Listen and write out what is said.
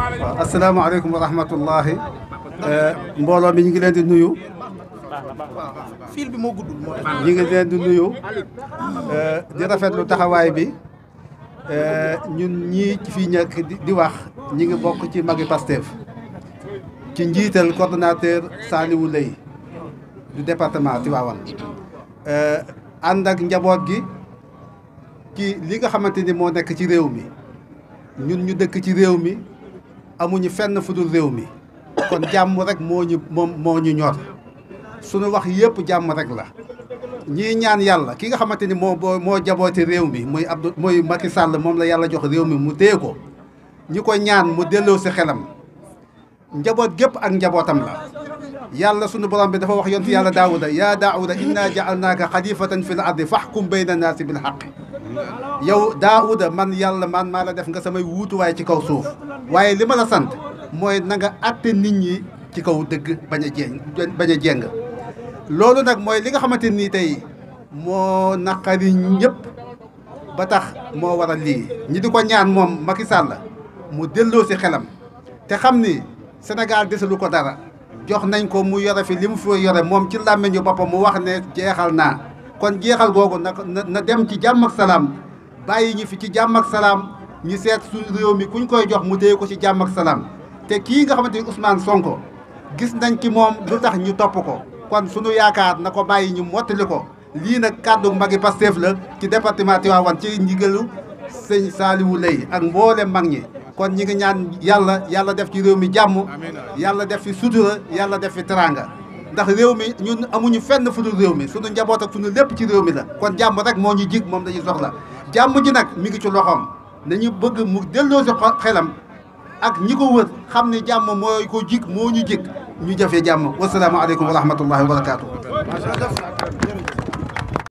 waaw asalaamaaleykum wa rahmatullahi eh, mbooloo mi ñu ngi leen di nuyu fil bi moo ngi leen di nuyu eh, di rafetlu taxawaay bi eh, ñun ñii ci fii di wax ñi ngi bokk ci magi Pastef ci njiital coordonnateur Saliou Leye du département Tivaouane ànd ak njaboot gi ci li nga xamante ni moo nekk ci réew mi ñun ñu dëkk ci réew mi amuñu fenn fu dul réew mi kon jàmm rek moo ñu moom moo ñu ñor sunu wax yëpp jàmm rek la ñii ñaan yàlla ki nga xamante ni moo moo jaboote réew mi mooy Abdou muy Macky Sall moom la yàlla jox réew mi mu téye ko ñi ko ñaan mu delloo si xelam njaboot gépp ak njabootam la yàlla sunu borom bi dafa wax yontu yàlla daawuda yaa daawuda inna ja'alnaaka xalifatan fil ardi fahkum bayna naasi bil haqqi yow daawuda man yàlla man maa la def nga samay wuutuwaay ci kaw suuf waaye li ma la sant mooy nanga nga àtte nit ñi ci kaw dëgg bañ a jéng bañ a jéng loolu nag mooy li nga xamante nii tey moo naqari ñëpp ba tax moo waral lii ñi di ko ñaan moom Macky Sall mu delloo si xelam te xam ni Sénégal desalu ko dara jox nañ ko mu yore fi li mu fi yore moom ci làmmiñu boppam mu wax ne jeexal naa kon jeexal googu na na dem ci jàmm ak salaam bàyyi ñu fi ci jàmm ak salaam ñu seet suñu réew mi kuñ koy jox mu téye ko ci jàmm ak salaam te kii nga xamante usmaan Sonko gis nañ ci moom lu tax ñu topp ko kon sunu yaakaar na ko bàyyi ñu mottali ko lii nag kàddu mbagi Pastef la ci département Tivaouane ci ndigalu sëñ saaliwu Lay ak mboolem mag ñi kon ñi ngi ñaan yàlla yàlla def ci réew mi jàmm yàlla def fi sutura yàlla def fi teraanga ndax réew mi ñun amuñu fenn fu dul réew mi suñu njaboot ak suñu lépp ci réew mi la kon jàmm rek moo ñu jig moom dañuy soxla jàmm ji nag mi ngi ci loxoom nañu bëgg mu delloo si xelam ak ñi ko wër xam ne jàmm mooy ko jig moo ñu jig ñu jafee jàmm wasalaamaaleykum wa rahmatullahi wa barakaatu.